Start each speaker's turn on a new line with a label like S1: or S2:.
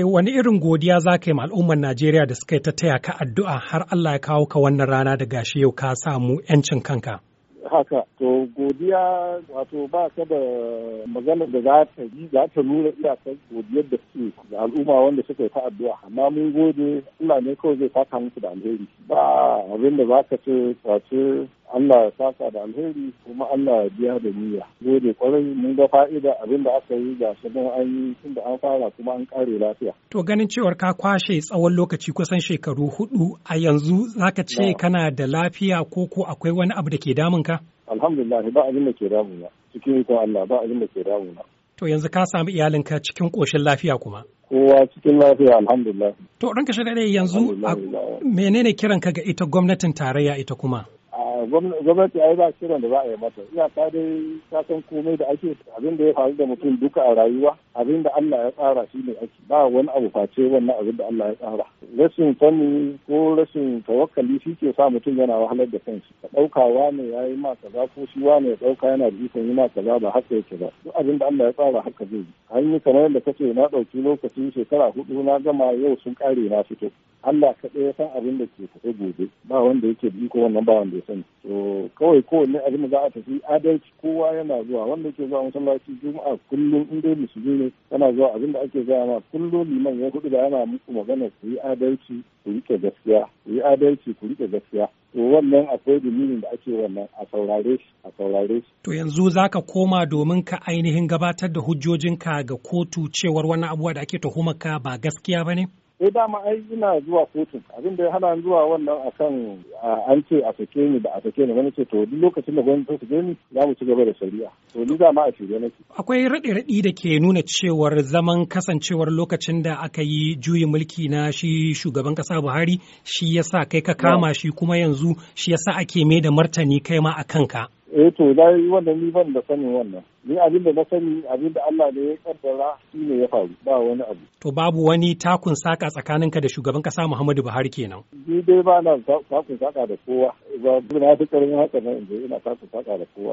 S1: Eh, wani irin godiya za ka yi al'ummar Najeriya da suka yi ta taya ka addu'a har Allah ya kawo ka wannan rana da gashi yau ka samu 'yancin kanka?
S2: Haka, to godiya wato ba ka da magana da za ta yi za ta nuna iyakar godiyar da suke da al'umma wanda suka yi ta addu'a amma mun gode Allah ne kawai zai taka musu da alheri ba abin da za ka ce wace Allah ya saka da alheri kuma Allah ya biya da niyya. Gode kwarai mun ga fa'ida abin da aka yi ga shi an yi tun da an fara kuma an kare lafiya.
S1: To ganin cewar ka kwashe tsawon lokaci kusan shekaru hudu a yanzu zaka ce kana da lafiya ko ko akwai wani abu da ke damun ka? Alhamdulillah ba abin da ke damuna cikin ikon Allah ba abin da ke damuna. To yanzu ka samu iyalinka cikin koshin lafiya kuma. Kowa cikin lafiya alhamdulillah. To ranka shi yanzu menene kiranka ga ita gwamnatin tarayya ita kuma?
S2: gwamnati ai ba shirin da za a yi mata iyaka dai ta san komai da ake abin da ya faru da mutum duka a rayuwa abin da Allah ya tsara shi ne ake ba wani abu face wannan abin da Allah ya tsara rashin sani ko rashin tawakkali shi ke sa mutum yana wahalar da kansa ka ɗauka wane ya yi ma kaza ko shi wane ya ɗauka yana da ikon yi ma kaza ba haka yake ba duk abin da Allah ya tsara haka zai yi an yi kamar yadda kace na ɗauki lokacin shekara hudu na gama yau sun kare na fito Allah kaɗai ya san abin da ke tafe gobe ba wanda yake da iko wannan ba wanda ya sani kawai kowanne abin za a tafi adalci kowa yana zuwa wanda yake zuwa masallaci juma'a kullum in dai musulmi ne yana zuwa abin da ake gaya ma kullum liman ya kudu da yana muku magana ku yi adalci ku rike gaskiya ku yi adalci ku rike gaskiya to wannan akwai dalilin da ake wannan a saurare shi a saurare shi
S1: to yanzu zaka koma domin ka ainihin gabatar da hujjojinka ga kotu cewar wani abuwa da ake tuhumar ka ba gaskiya ba ne.
S2: sai eh, dama ai ina zuwa kotun abin da ya hana zuwa wannan akan an ce a sake ni da a sake ni wani ce to duk lokacin da gwamnati ta sake ni za mu ci gaba da shari'a to ni dama a shirye nake
S1: akwai raɗe raɗi da ke nuna cewar zaman kasancewar lokacin da aka yi juyin mulki na shi shugaban kasa Buhari shi yasa kai ka kama shi kuma yanzu shi yasa ake mai da martani kai ma a kanka
S2: eh to dai wannan ni ban da sanin wannan ni abin da na sani abin da Allah ne ya kaddara shi ne ya faru ba wani abu
S1: to babu wani takun saka tsakaninka da shugaban kasa Muhammadu Buhari kenan
S2: ni dai ba na takun saka da kowa ba na fi karin haka na ina takun saka da kowa